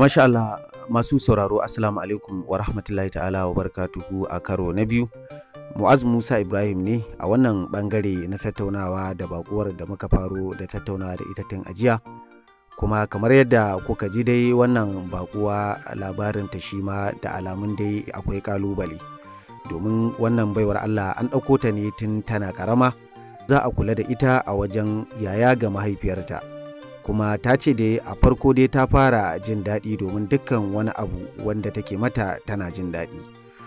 masha Allah masu sauraro assalamu alaikum wa rahmatullahi ta'ala wa barakatuhu a karo na biyu Mu'az Musa Ibrahim ne a wannan bangare na tattaunawa da bakuwar da muka faro da tattaunawa da ita tun ajiya kuma kamar yadda kuka ji dai wannan bakuwa labarin ta shi ma da alamun dai akwai kalubale domin wannan baiwar Allah an ɗauko ta ne tun tana karama za a kula da ita a wajen yaya ga mahaifiyarta kuma ta ce dai a farko dai ta fara jin daɗi domin dukkan wani abu wanda take mata tana jin daɗi.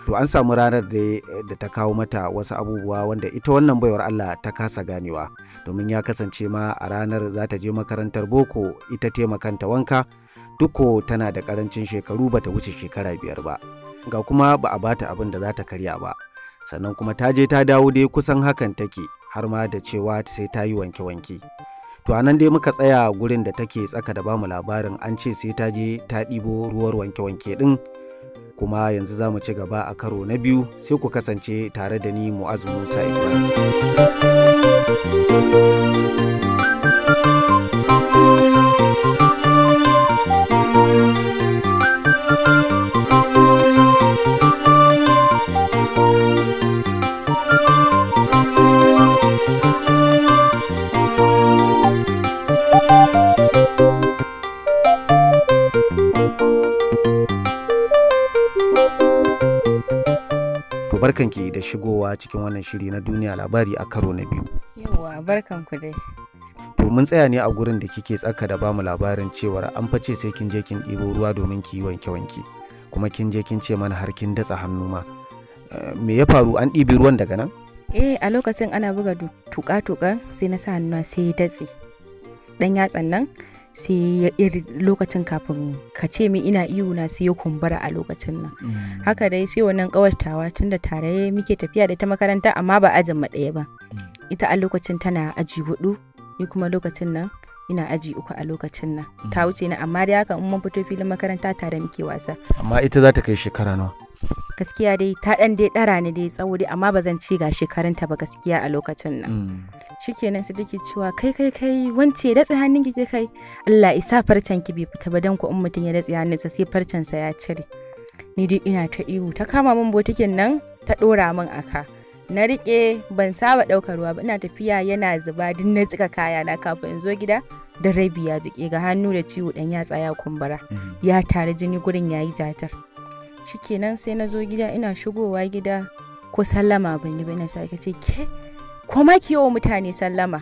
to an samu ranar dai eh, da ta kawo mata wasu abubuwa wanda ita wannan baiwar Allah ta kasa ganewa domin ya kasance ma a ranar za ta je makarantar boko ita taimakanta wanka duko tana da karancin shekaru bata wuce shekara biyar ba ga kuma ba a bata abin da za ta karya ba sannan kuma ta je ta dawo dai kusan hakan take har ma da cewa sai ta yi wanke-wanke to a nan dai muka tsaya gurin da take tsaka da bamu labarin an ce sai ta je ta ɗibo ruwar wanke-wanke ɗin kuma yanzu za mu ci gaba a karo na biyu sai ku kasance tare da ni mu'az musa ibrahim barkan ki da shigowa cikin wannan shiri na duniya labari a karo na biyu. Yawa ku dai. To mun tsaya ne a gurin da kike tsaka da bamu labarin cewar an face sai kin je kin ɗibo ruwa domin ki yi wanke-wanke kuma kin je kin ce mana har kin datsa hannu ma. Eh, me ya faru an ɗibi ruwan daga nan? Eh a lokacin ana buga tuƙa-tuƙan sai na sa hannu sai ya datse. Dan yatsan nan sai ya iri lokacin kafin ka ce min ina iyo na sai ya kumbura a lokacin nan mm. haka dai sai wannan kawartawa tunda tare muke tafiya da ta makaranta amma ba ajin mu ɗaya ba mm. ita a lokacin tana aji hudu ni kuma lokacin nan ina aji uku a lokacin nan ta mm. wuce na amma dai haka in mun fito filin makaranta tare muke wasa amma ita za ta kai shekara nawa gaskiya dai ta dan dai dara ne dai tsawo dai amma bazan ci ga shekarunta ba gaskiya a lokacin nan mm. shikenan su take cewa kai kai kai wance datse hannun ki kai Allah isa farcen ki bai fita ba dan ku in mutun ya datse sa sai farcen sa ya cire ni dai ina ta ihu ta kama min botikin nan ta dora min aka na rike ban saba ɗaukar ruwa ba ina tafiya yana zuba din na tsika kaya na kafin in zo gida da rabi ya jike ga hannu da ciwo dan ya tsaya kumbura mm. ya tare jini gurin yayi jatar shikenan sai na zo gida ina shigowa gida ko sallama ban yi ba ina ta ce ke ko ma ki yawa mutane sallama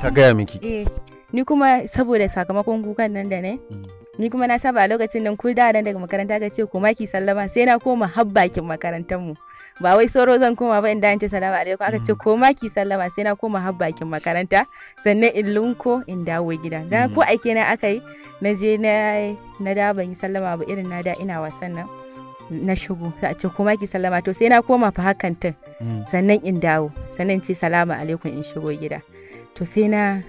ta gaya miki eh ni kuma saboda sakamakon kukan nan da ne mm. ni kuma na saba a lokacin nan ku da nan daga makaranta ka ce ma ki sallama sai na koma habbakin makarantar mu ba wai sauro zan koma ba inda an ce salama alaikum aka ce mm. ma ki sallama sai na koma habbakin makaranta sannan in lunko in dawo gida dan mm. ko aike na aka yi na je na na da ban yi sallama ba irin na da ina wasan nan na shigo za a ce kuma ki sallama to sai na koma fa hakan tun mm. sannan in dawo sannan ce salamu alaikum in shigo gida to sai na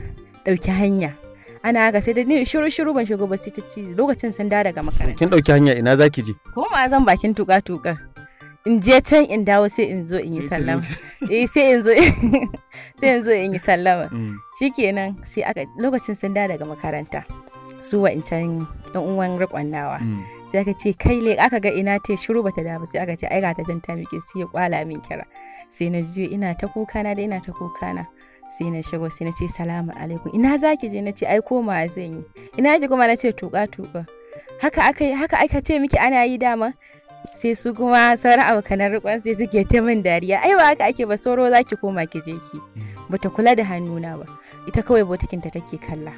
ɗauki hanya ana haka sai da ni shiru shiru ban shigo ba sai ci lokacin sun da daga makaranta kin ɗauki hanya ina zaki je koma zan bakin tuka tuka in je can in dawo sai in zo in yi sallama eh sai in zo sai in zo in yi sallama mm. shikenan sai aka lokacin sun da daga makaranta su wa'incan yan uwan rikon nawa mm. sai aka ce kai le aka ga ina te shiru bata da ba sai aka ce ai ga ta janta miƙe sai ya kwala min kira sai na je ina ta kuka na da ina ta kuka na sai na shigo sai na ce salamu alaikum ina zaki je na ce ai koma zan yi ina ji kuma na ce tuka tuka haka aka haka aka ce miki ana yi dama sai su kuma sauran abokanan rikon sai suke ta min dariya ai ba haka ake ba sauro zaki koma ki je ki mm. bata kula da hannuna ba ita kawai botikinta take kalla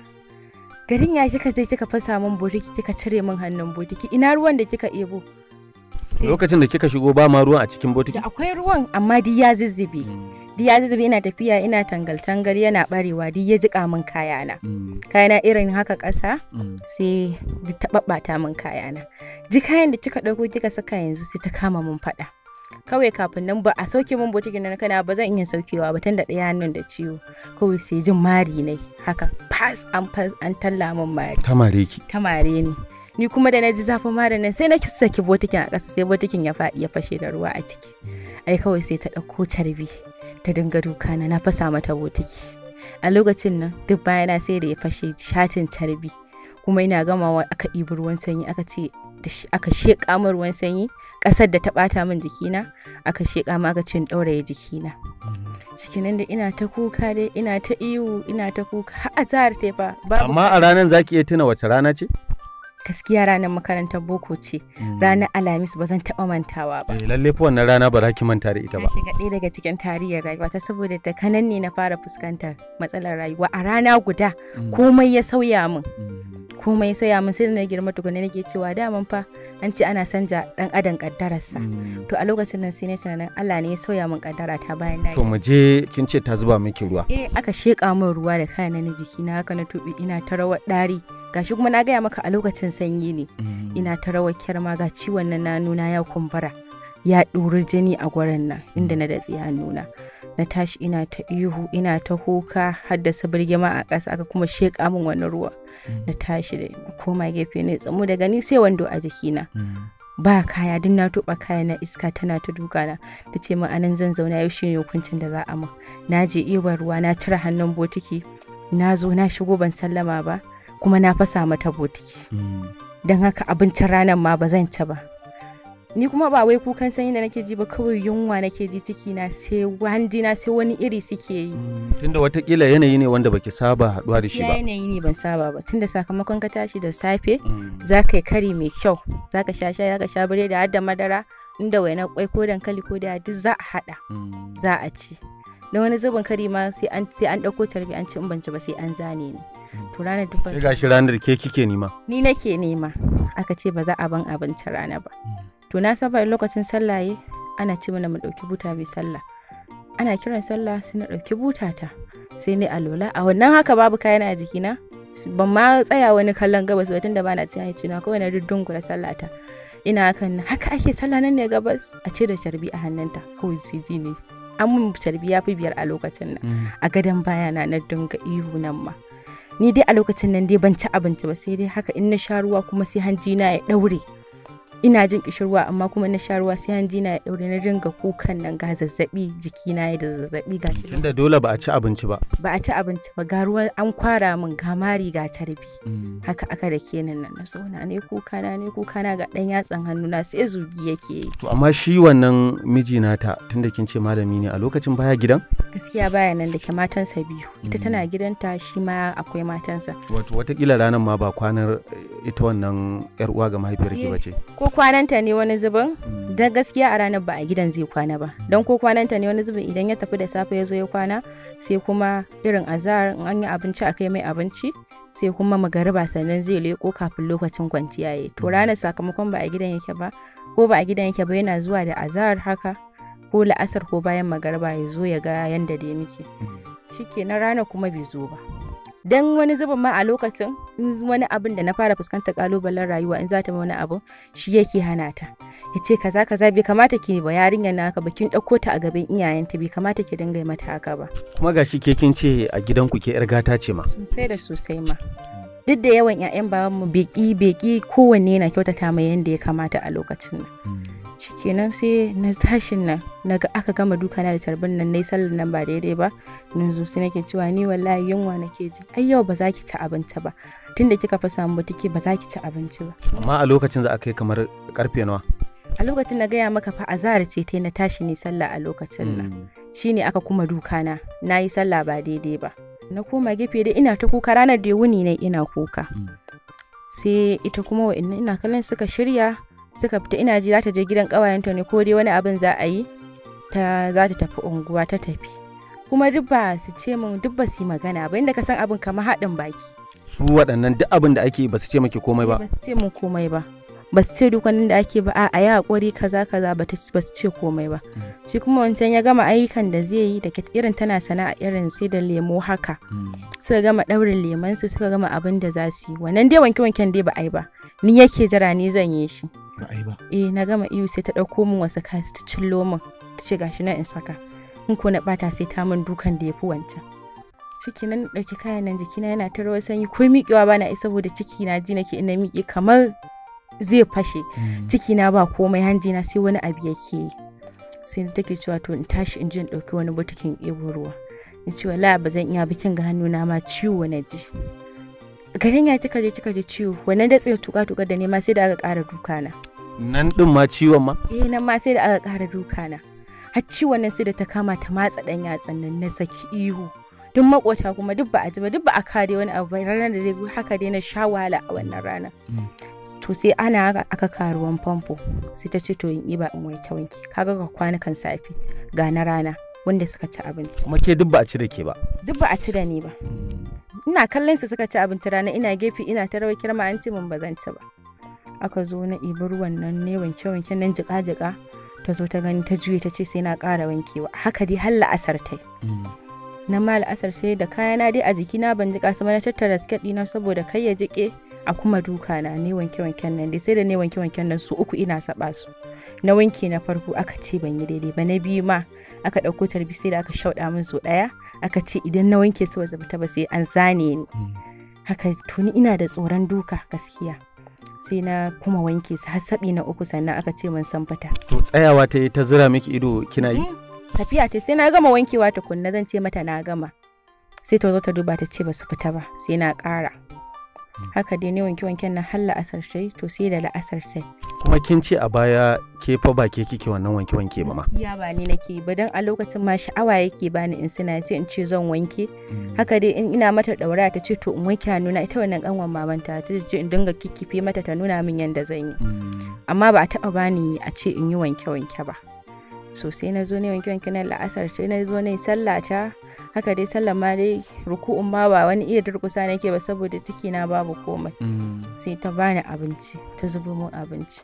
garin ya kika je kika fasa min buriki kika cire min hannun buriki ina ruwan da kika ebo lokacin da kika shigo ba ma ruwan a cikin botiki akwai ruwan amma di ya zizzube di ya ina tafiya ina tangal tangal yana barewa di ya jika min kayana mm. kayana irin haka kasa mm. sai di taɓaɓɓata min kayana ji kayan da kika ɗauko kika saka yanzu sai ta kama min faɗa kawai kafin nan ba a sauke mun botikin na kana ba zan iya saukewa ba tunda ɗaya hannun da ciwo kawai sai jin mari ne haka fas an an talla mun mari tamare ki tamare ni ni kuma da na ji zafin mari nan sai na ki saki botikin a ƙasa sai botikin ya faɗi ya fashe da ruwa a ciki ai kawai sai ta ɗauko carbi ta dinga duka na na fasa mata botiki a lokacin nan duk bayana sai da ya fashe shatin carbi kuma ina gamawa aka ibi ruwan sanyi aka ce aka sheƙa min ruwan sanyi ƙasar da ta ɓata min jikina aka sheƙa min aka ce ɗauraye jikina cikinan mm-hmm. da ina ta kuka dai ina ta iwu ina ta kuka har azahar ta fa amma a ranar zaki iya tuna wace rana ce gaskiya ranar makarantar boko ce hmm. ranar alhamis ba zan taɓa mantawa ba eh, lalle fa wannan rana ba za ki manta da ita ba shiga ɗaya daga cikin tarihin rayuwa ta saboda da kanan ne na fara fuskantar matsalar rayuwa a rana guda hmm. komai ya sauya min hmm. komai ya sauya min sai na girma tukuna nake cewa dama fa an ce ana sanja dan adam kaddararsa to a lokacin nan sai na tunanin Allah ne ya sauya min kaddara ta bayan na to mu je kin ce ta zuba miki ruwa eh aka sheka min ruwa da kayana na jiki na haka na tubi ina ta rawar dari gashi kuma na gaya maka a lokacin sanyi ne mm. ina ta rawar ma ga ciwon na nuna ya kumbura ya ɗuri jini a gwarin nan inda mm. na datsi hannuna na tashi ina ta ihu ina ta kuka haddasa ma a ƙasa aka kuma sheƙa min wani ruwa mm. na tashi da koma gefe ne tsamu daga ni sai wando a jikina ba kaya duk na tuba kaya na iska tana ta dukana. na ta ce min anan zan zauna yau shine hukuncin da za a mu na je ibar ruwa na cire hannun botiki na zo na shigo ban sallama ba kuma na fasa mata botiki don haka abincin ranar ma ba zan ci ba ni kuma ba wai kukan sanyi da nake ji ba kawai yunwa nake ji ciki na sai wani na sai wani iri suke yi mm, tunda watakila yanayi ne wanda baki saba haduwa da shi ba yanayi ne ban saba ba tunda sakamakon ka tashi da safe mm. za ka yi kari mai kyau za ka sha shayi za ka sha bare har da madara inda waina kwai ko dankali ko da duk za a hada mm. za a ci na wani zubin kari ma sai an sai an dauko tarbi an ci in ban ci ba sai an zane ni to ranar duk Sai gashi ranar ke kike nema ni nake nema aka ce ba za a ban abinci rana ba hmm. to na saba lokacin sallaye ana ce mana mu dauki buta bi sallah ana kiran sallah sai na dauki butata sai ni alola a wannan haka babu kayan a jikina ban ma tsaya wani kallon gabas ba tunda bana cin haici na kawai na dudungura sallata ina hakan haka ake sallah nan ne gabas a ce da carbi a hannunta kawai sai ji ne an mun sharbi ya fi biyar a lokacin nan hmm. a gadon baya na na dinga ihu nan ma ni dai a lokacin nan dai ban ci abinci ba sai dai haka in na sha ruwa kuma sai hanji na ya daure ina jin kishirwa amma kuma na sharuwa sai sai ji na ya daure na dinga kukan nan ga zazzabi jiki na ya da zazzabi ga shi tunda dole ba a ci abinci ba ba a ci abinci ba ga ruwa an kwara min ga mari ga tarbi mm. haka aka da ke nan na zauna ne kuka na ne kuka na ga dan yatsan hannu na sai zugi yake yi to amma shi wannan miji nata tunda kin ce malami ne a lokacin baya gidan gaskiya baya nan da ke matansa biyu ita tana mm. gidanta shi ma akwai matansa wato watakila ranar ma ba kwanar ita wannan yar uwa ga mahaifiyar ki eh, bace ko kwananta ne wani zubin da gaskiya a ranar ba a gidan zai kwana ba don ko kwananta ne wani zubin idan ya tafi da safe ya zo ya kwana sai kuma irin azahar in an yi abinci a kai mai abinci sai kuma magariba sannan zai leko kafin lokacin kwanciya ya to ranar sakamakon ba a gidan yake ba ko ba a gidan yake ba yana zuwa da azahar haka ko la'asar ko bayan magariba ya zo ya ga yanda da ya hmm. shi kenan rana kuma bai zo ba dan wani zubin ma a lokacin in wani abin da na fara fuskantar kalubalen rayuwa in za ta wani abu shi yake hana ta ya ce kaza kaza bai kamata ki ba yarinyar naka ba kin ɗauko ta a gaban iyayenta bai kamata ki dinga mata haka ba kuma gashi ke kin ce a gidan ku ke yar gata ce ma sosai da sosai ma duk da yawan 'ya'yan babanmu beki beki kowanne na kyautata mai yadda ya kamata a lokacin nan Cikinan sai na tashin nan na ga aka gama duka na da tarbin nan na yi sallar nan ba daidai ba nan zo sai nake cewa ni wallahi yunwa nake ji ai yau ba za ki ci abinci ba tunda kika fa samu butiki ba za ki ci abinci ba amma a lokacin za a kai kamar karfe nawa a lokacin na gaya maka fa azahar ce ta na tashi ne sallah a lokacin nan hmm. shine aka kuma duka na na yi sallah ba daidai ba na koma gefe da ina ta kuka ranar da wuni ne ina kuka hmm. sai ita kuma wa ina kallon suka shirya suka fita ina ji za ta je gidan ta ne ko dai wani abin za a yi ta za ta tafi unguwa ta tafi kuma duk ba su ce min duk ba su yi magana ba inda ka san abin kamar haɗin baki su waɗannan duk abin da ake ba su ce maki komai ba ba su ce min komai ba ba su ce duk da ake ba a yi hakuri kaza kaza ba su ce komai ba hmm. shi kuma wancan ya gama ayyukan da zai yi da irin tana sana'a irin sai da lemo haka hmm. suka gama ɗaurin leman su suka gama abin da za su yi wannan dai wanke wanken dai ba a yi ba ni yake jira ni zan yi shi ba eh na gama iyo sai ta ɗauko min wasu kasu ta cillo min ta ce gashi na in saka in ko na ɓata sai ta min dukan da ya fi wancan ciki na ɗauki kayan nan jikina yana ta rawar sanyi ko miƙewa ba na isa saboda ciki na ji nake ina miƙe kamar zai fashe mm. ciki na ba komai hanji na sai wani abu yake yi sai na take cewa to in tashi in ji in ɗauki wani botikin ɗebo ruwa in ce wala ba zan iya bikin ga hannu na ma ciwo na ji garin ya cika je cika je ciwo wannan da tsaye tuka tuka da nema sai da aka ƙara duka na nan din ma ciwon ma eh nan ma sai da aka ƙara duka na har ciwon nan sai da ta kama ta matsa dan yatsan nan na saki ihu duk makota kuma duk ba a ji ba duk ba a kare wani abu ba ranar da dai haka dai na sha wahala a wannan rana mm. to sai ana haka aka karuwan famfo sai ta ce to in iba in wanke wanke kaga ga kwanukan safi ga na rana wanda suka ci abinci kuma ke duk ba a da ke ba duk ba a da ni ba mm. ina kallon su suka ci abinci rana ina gefe ina ta rawa kirma an ce mun ba ci ba aka zo na ibar wannan ne wanke wanke nan jika jika ta zo ta gani ta juye ta ce sai na kara wankewa haka dai har la'asar tai mm. na ma la'asar sai da kayana dai a jiki na ban jika su na tattara sket dina saboda kai ya jike a kuma duka na ne wanke wanke nan dai sai da ne wanke wanke nan su uku ina saba su na wanke na farko aka ce ban yi daidai ba na biyu ma aka ɗauko tarbi sai da aka shauɗa min su ɗaya aka ce idan na wanke su ba ba sai an zane ni hmm. haka tuni ina da tsoron duka gaskiya sai na kuma wanke su har sabi na uku sannan aka ce mun san fita to tsayawa ta yi ta zura miki ido kina yi mhm. tafiya ta sai na gama wankewa ta tukunna zan ce mata na gama sai ta zo ta duba ta ce ba su fita ba sai na ƙara haka dai ne wanke-wanken nan har la'asar to sai da la'asar kuma kin ce a baya ke fa ba ke kike wannan wanke-wanke ba ma ya ba ni nake ba dan a lokacin ma sha'awa yake bani in suna sai in ce zan wanke mm. haka dai in ina mata daura ta ce to in wanke hannuna ita wannan kanwan maman ta ta ce in dinga kikkife mata ta nuna min yanda zan yi mm. amma ba a taba bani a ce in yi wanke-wanke ba sosai na zo ne wanke-wanke na la'asar ta na zo ne sallata haka dai sallah ma dai ruku'un ma ba wani iya durkusa nake ba saboda ciki na babu komai mm. sai ta bani abinci ta zubo mun abinci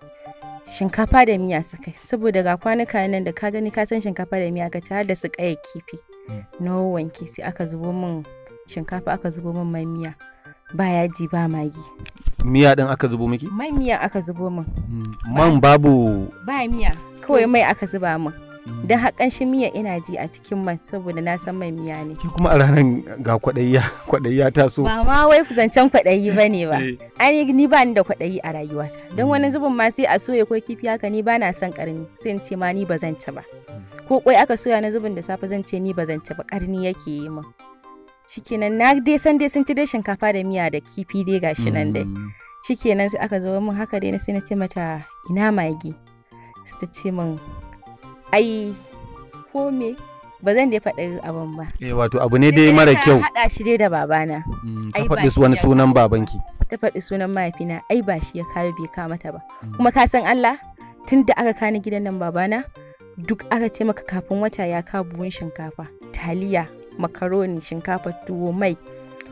shinkafa da miya su kai saboda ga kwanuka nan da ka gani ka san shinkafa da miya ka ci har da su kaya kifi mm. na wanke sai aka zubo min shinkafa aka zubo min mai miya ba yaji ba magi miya din aka zubo miki mai miya aka zubo min mm. man babu ba miya kawai mai aka zuba min don haƙan shi miya ina ji a cikin man saboda na san mai miya ne. kuma a ranar ga kwaɗayya kwaɗayya ta so. Ba ma wai zancen kwaɗayi ba ne eh. ba. An ni ba ni da kwaɗayi a rayuwata. Don wani hmm. zubin ma sai a soya ko kifi haka ni ba na son ƙarni sai in ce ma ni ba zan ci ba. Hmm. Ko kwai aka soya na zubin da safe zan ce ni ba zan ci ba ƙarni yake yi min. Shikenan na dai san dai sun ci dai shinkafa da miya da kifi dai gashi nan dai. Hmm. Shikenan sai aka zo min haka dai na sai na ce mata ina magi. Su ta ce min ai ko me ba zan dai faɗi abin ba. Eh wato abu ne dai mara kyau. Haɗa shi dai da babana. ta mm, faɗi wani sunan babanki. Ta faɗi sunan mahaifina ai ba shi ya kawo bai kama mata ba. Mm. Kuma ka san Allah tun da aka kani gidan nan babana duk aka ce maka kafin wata ya ka buhun shinkafa taliya makaroni shinkafa tuwo mai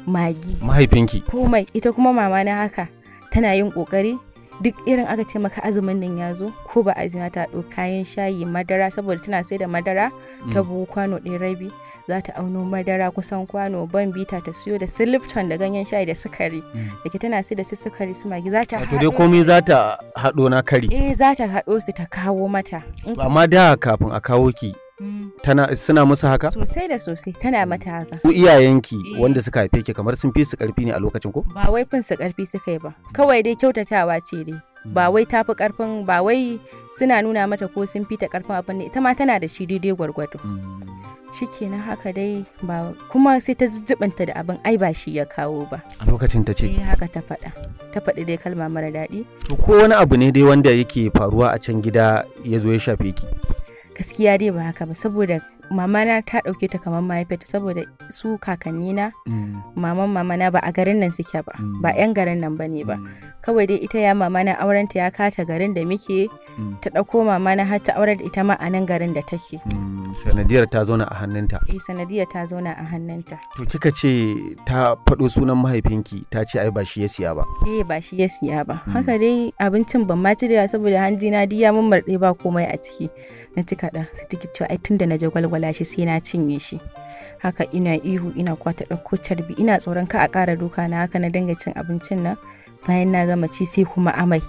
magi. Mahaifinki. Komai ita kuma mama na haka tana yin kokari duk irin aka ce maka azumin nan ya zo ko ba azina ta ɗo kayan shayi madara saboda tana sai da madara ta mm. buhu kwano ɗaya rabi za ta auno madara kusan kwano ban bita ta siyo da su lifton da ganyen shayi da sukari mm. da ke tana sai da su sukari su magi za ta haɗo dai komai za ta haɗo na kari eh za ta haɗo su ta kawo mata amma da kafin a kawo ki tana suna musu haka sosai da sosai tana mata haka ku iyayenki eh. wanda suka haife ki kamar sun fi su karfi ne a lokacin ko ba wai fin su karfi suka yi ba kawai dai kyautatawa ce dai hmm. ba wai tafi karfin ba wai suna nuna mata ko sun fita karfin abin ne ita ma tana da shi daidai gwargwado hmm. shikenan haka dai ba kuma sai ta zubanta da abin ai ba shi ya kawo ba a lokacin ta ce eh, haka ta faɗa ta faɗi dai kalma mara daɗi to ko wani abu ne dai wanda yake faruwa a can gida ya zo ya shafe ki gaskiya dai ba haka ba saboda mamana ta ɗauke ta kamar mahaifiyarta saboda su kakannina mm. maman mamana ba a garin nan suke ba ba 'yan mm. garin nan ba ne ba mm. kawai dai ita ya mama na auren ta ya kata garin da muke mm. ta dauko mama na har ta aurar da ita ma a nan garin da take. Mm, sanadiyar ta zauna a hannunta. eh sanadiyar ta zauna a hannunta. to kika ce ta fado sunan mahaifinki ta ce ai ba shi ya siya ba. eh ba shi ya siya ba mm. haka dai abincin ban ma cire saboda hanji na diya mun marɗe ba komai a ciki na cika da su tiki cewa ai tunda na je gwalgwala shi sai na cinye shi. haka ina ihu ina kwata dauko carbi ina tsoron ka a kara duka na haka na dinga cin abincin nan bayan na gama ci sai kuma amai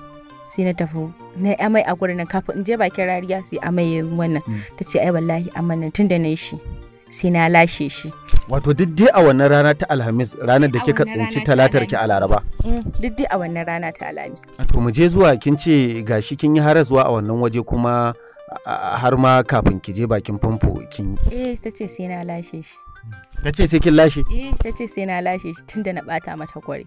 sai na tafi na amai a gurin nan kafin in je bakin rariya sai amai wannan hmm. ta ce ai wallahi amma nan tunda na shi sai na lashe shi wato duk dai a wannan rana ta alhamis ranar da kika tsinci talatar ki a laraba mm, duk dai a wannan rana ta alhamis to mu je zuwa kin ce gashi kin yi zuwa a wannan waje kuma har ma kafin ki je bakin famfo kin eh ce sai na lashe shi Ta ce sai kin lashe eh ce sai na lashe shi tunda na bata mata kwarai.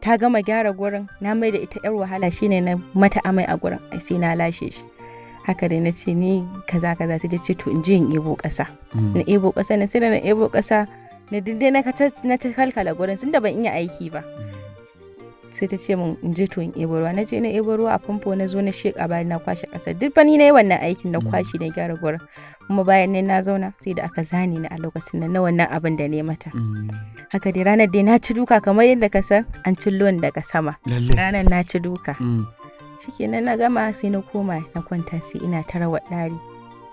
ta gama gyara gurin na mai da ita yar wahala shine na mata amai a gurin ai sai na lashe shi haka dai na ce ni kaza kaza sai ce to in je in ebo kasa mm. na ebo kasa na sai na ebo kasa na dinde na kalkala gurin sun da ban iya aiki ba mm. sai ta ce min in je to in ebo ruwa na je na ebo ruwa a famfo na zo na sheka bayan na kwashe kasar duk fa ni na yi wannan aikin na mm. kwashe na gyara gwara kuma bayan nan na zauna sai da aka zane ni a lokacin nan na wannan abin da ne mata mm. haka dai ranar dai na ci duka kamar yadda ka san an cillon daga sama ranar na ci duka mm. shikenan na gama sai na koma na kwanta sai ina ta rawar ɗari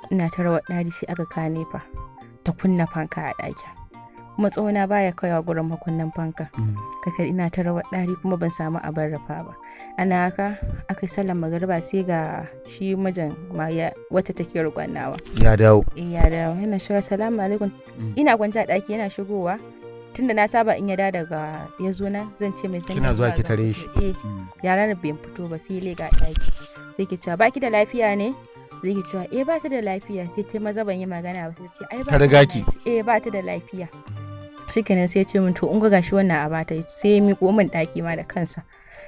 ina tarawa dari sai aka kane fa ta kunna fanka a ɗakin matsona baya kaiwa gurin makunnan fanka mm. kakar ina ta rawar ɗari kuma ban samu a rafa ba ana haka aka yi sallan magariba sai ga shi mijin wata take rukwannawa ya dawo eh, ya dawo yana shiga salamu alaikum mm. ina gwanja a ɗaki yana shigowa tunda na saba in ya da daga ya zo na zan ce mai sanya kina zuwa ki tare shi eh, mm. yara da bai fito ba sai lega ɗaki sai ki cewa baki da lafiya ne zai ki cewa eh ba ta da lafiya sai ta maza ban yi magana ba sai ce ai ba ta riga ki eh ba ta da lafiya nan sai ya ce min to in ga gashi wannan a bata sai ya miƙo min ɗaki ma da kansa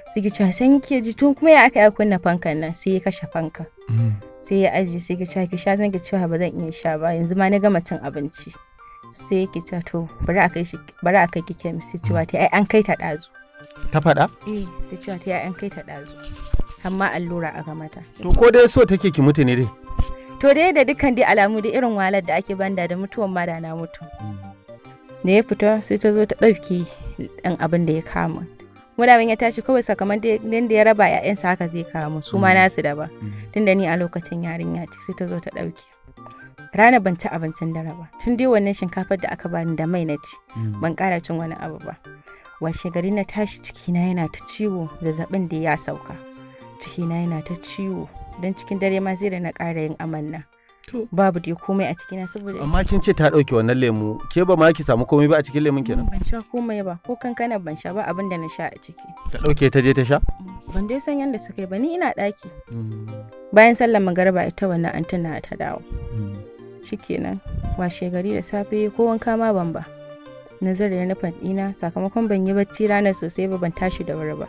sai ki cewa sai ki ji tun kuma ya aka yi kunna fankan nan sai ya kashe fankan mm. sai ya aji sai ki cewa ki sha zan ki cewa ba zan iya sha ba yanzu ma na gama cin abinci sai ki cewa to bari a kai shi bari a kai ki kemis sai cewa ta ai an kai ta ɗazu ta faɗa? eh sai cewa ta ai an kai ta ɗazu amma allura a mata. to ko dai so take ki mutu ne dai to dai da dukkan dai alamu da irin wahalar da ake banda da mutuwan ma da na mutu mm. da ya fita sai ta zo ta ɗauki ɗan abin da ya kama mudamin ya tashi kawai sakamakon da ya raba 'ya'yansa haka zai kama su ma mm. nasu da tun mm. tunda ni a lokacin yarinya ce sai ta zo ta ɗauki rana ban ci abincin dare ba tun dai wannan shinkafar da aka bani da mai na ci mm. ban ƙara cin wani abu ba washe gari na tashi cikina yana ta ciwo zazzabin da ya sauka cikina yana ta ciwo don cikin dare ma zai da na ƙara yin amanna babu dai komai a cikina saboda amma kin ce ta dauke wannan lemu ke ba ma ki samu komai ba a cikin lemun kenan ban sha komai ba ko kankana ban sha ba abin na sha a ciki ta dauke ta je ta sha ban dai san yanda suka yi ba ni ina daki mm. bayan sallar magariba ita wannan an tana ta dawo mm. shikenan washe gari da safe ko wanka ma ban ba nazar da nufin ɗina sakamakon ban yi bacci ranar sosai ba ban tashi da wuri ba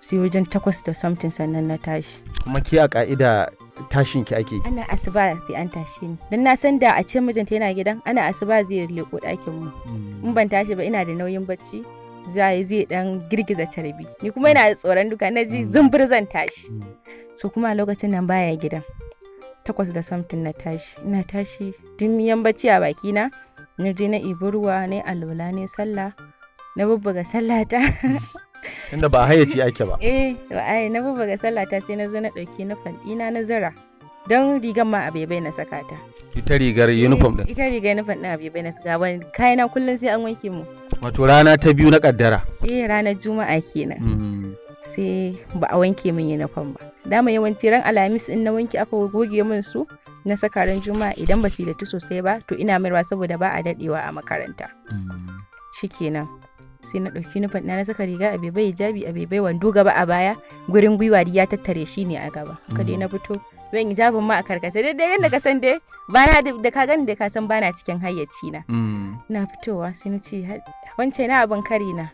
sai wajen takwas da something sannan na tashi kuma ke a ka'ida tashin ki ake ana asuba sai an tashi ni dan na san da a ce mijinta yana gidan ana asuba zai leko ɗakin mu hmm. in ban tashi ba ina da nauyin bacci zai zai dan girgiza carbi ni kuma ina da tsoron duka na ji hmm. zumbur zan tashi hmm. so kuma lokacin nan baya gidan takwas da samtin na tashi ina tashi yan bacci a baki na na je na ibi ruwa na alwala ne sallah na bubbuga sallata inda ba hayyaci ake ba. Eh, ai na buba ga sallah ta sai na zo na ɗauki na fandina na zara. Don rigar ma abebai na saka ta. Ita rigar eh, uniform din. Ita rigar uniform din abebai na saka kai kayana kullum sai an wanke mu. Wato rana ta biyu na kaddara. Eh, ranar Juma'a kenan. Hmm. Sai ba a wanke min uniform ba. Dama yawanci ran Alhamis in na wanke aka goge min su na saka ran Juma'a idan ba su da sosai ba to ina maiwa saboda ba a dadewa a makaranta. Hmm. Shikenan. sai na ɗauki nufin na saka riga a bai hijabi a bai wando gaba a baya gurin gwiwa ya tattare shi ne a gaba haka dai na mm. fito ban hijabin ma a karkata daidai yadda ka san dai bana da ka gani da ka san bana cikin hayyaci na mm. na fitowa sai na ce wancan na abin kari na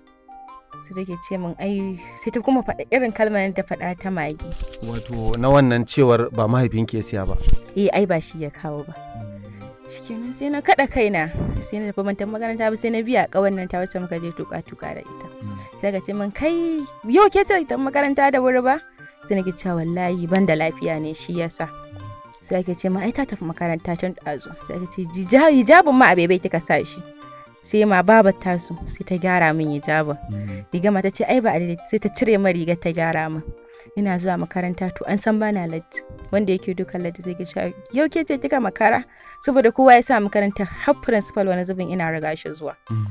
su take ce min ai sai ta kuma faɗa irin kalmar da faɗa ta magi wato na wannan cewar ba mahaifin ke siya ba eh ai ba shi ya kawo ba mm. shikenan sai na kada kaina sai na tafi mantan makaranta ba sai na biya kawan nan ta wacce muka je tuka tuka da ita mm. sai ka ce min kai yau ke ta ita makaranta da wuri ba sai na ki wallahi ban da lafiya ne shi yasa sai ka ce ma ai ta tafi makaranta tun dazu sai ka ce hijabin ma a ta kika sa shi sai ma baba su sai ta gyara min hijabin mm. riga ma ta ce ai ba a sai ta cire ma riga ta gyara min ina zuwa makaranta to an san bana latti wanda yake duka ladi zai gisha yau ke ce kika makara saboda kowa ya sa makaranta har principal wani zubin ina riga shi zuwa mm.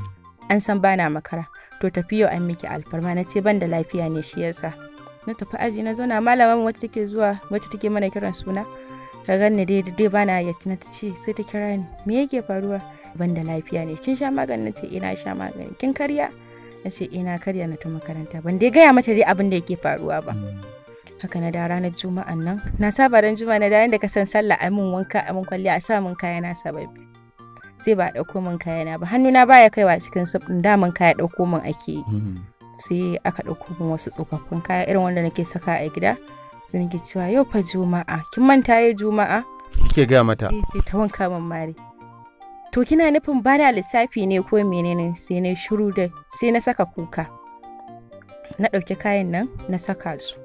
an san bana makara to tafi yau an miki alfarma na ce banda da lafiya ne shi yasa na tafi aji na zauna malamin wata take zuwa wacce take mana kiran suna ragar ne dai dai bana ya tina ta ce sai ta kira ni me yake faruwa ban lafiya ne kin sha magani na ce ina sha magani kin karya na ce ina karya na ta makaranta ban dai gaya mata dai abin da yake faruwa ba mm. haka na da ranar juma'an nan na saba ran juma'a na da yanda ka san sallah ai mun wanka ai mun kwalliya a sa mun kaya na sababbi sai ba a dauko mun kaya na ba hannuna baya kaiwa cikin sabbin da mun kaya dauko mun ake yi hmm. sai aka dauko mun wasu tsofaffin kaya irin wanda nake saka a gida sai nake cewa yau fa juma'a kin manta yau juma'a kike ga mata eh, sai ta wanka mun mare to kina nufin ba da lissafi ne ko menene sai na shiru da sai na saka kuka na ɗauki kayan nan na saka su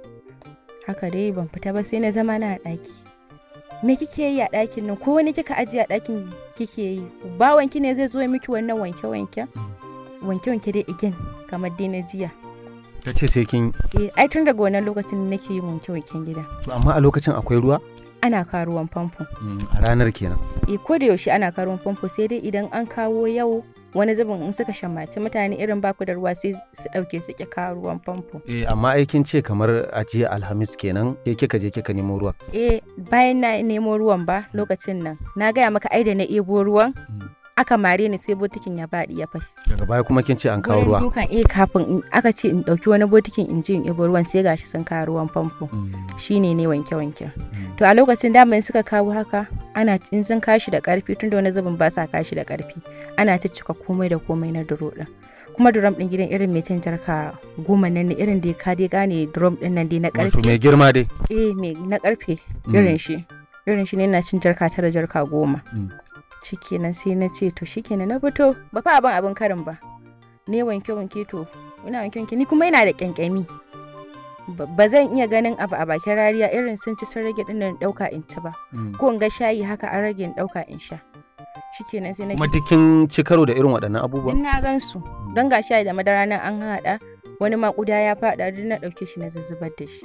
haka dai ban fita ba sai na zama na ɗaki me kike yi a ɗakin nan ko wani kika ajiye a ɗakin kike yi bawanki ne zai zo ya miki wannan wanke wanke wanke wanke dai again kamar dai na jiya ta ce sai kin eh ai tun daga wannan lokacin nake yin wanke wanken gida to amma a lokacin akwai ruwa ana karuwan famfo mm, a ranar kenan eh ko da yaushe ana karuwan famfo sai dai idan an kawo yau wani zubin in suka shammaci mutane irin baku da ruwa sai su dauke su ki kawo ruwan famfo eh amma aikin ce kamar a jiya alhamis kenan ke kika je kika nemo ruwa. eh bayan na nemo ruwan ba lokacin nan na gaya maka ai da na ebo ruwan mm. aka mare ni sai botikin ya faɗi ya fashi daga baya kuma kin ce an kawo ruwa dukan eh kafin aka ce in dauki wani botikin in je in ibo ruwan sai gashi sun kawo ruwan famfo mm. shine ne wanke wanke mm. to a lokacin da in suka kawo haka ana in sun kashi da karfi tunda wani zubin ba sa kashi da karfi ana ciccika komai da komai na duro din kuma drum din gidan irin mai ka goma nan ne irin da ya kade gane drum din nan dai na karfe mai girma dai eh mai na karfe mm. irin shi irin shi ne na cin jarka tara jarka goma shikenan sai na ce to shikenan na fito ba fa abin abin karin ba ne wanke wanke to ina wanke wanke ni kuma ina da kyankyami ba zan iya ganin abu a bakin rariya irin sun ci sun rage dinnan dauka in ci ba mm. ko in ga shayi haka an rage in dauka in sha shikenan sai na kuma dukin ci karo da irin waɗannan abubuwa ina gan su mm. don ga shayi da madara nan an hada wani ma kuda ya faɗa duk na dauke shi na zuzubar da shi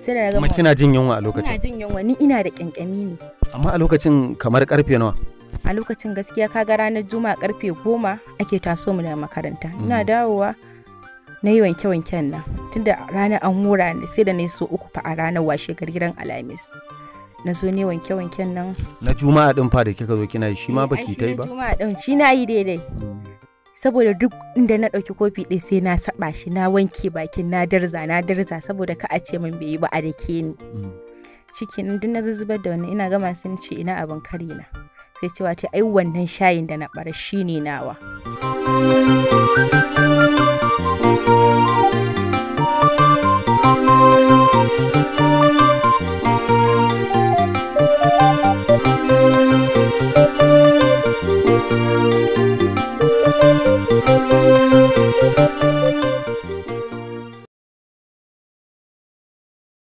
sai da ga kina jin yunwa a lokacin ina jin yunwa ni ina da kyankyami ne amma a lokacin kamar karfe nawa a lokacin gaskiya kaga ranar juma'a karfe goma ake taso mu da makaranta mm. ina dawowa na yi wanke-wanken nan tunda ranar an hura ne sai da na yi so uku fa a ranar washe gidan alhamis na zo ne wanke-wanken nan na juma'a din fa da kika zo kina yi shi ma eh, baki tai ba juma'a din shi na yi daidai mm. saboda duk inda na ɗauki kofi ɗaya sai na saɓa shi na wanke bakin na darza na darza saboda ka a ce min bai yi ba a da ke ni Cikin mm. duk na zuzzubar da wani ina gama sun ce ina abin kari na sai cewa ta ai wannan shayin da na bar shi ne nawa.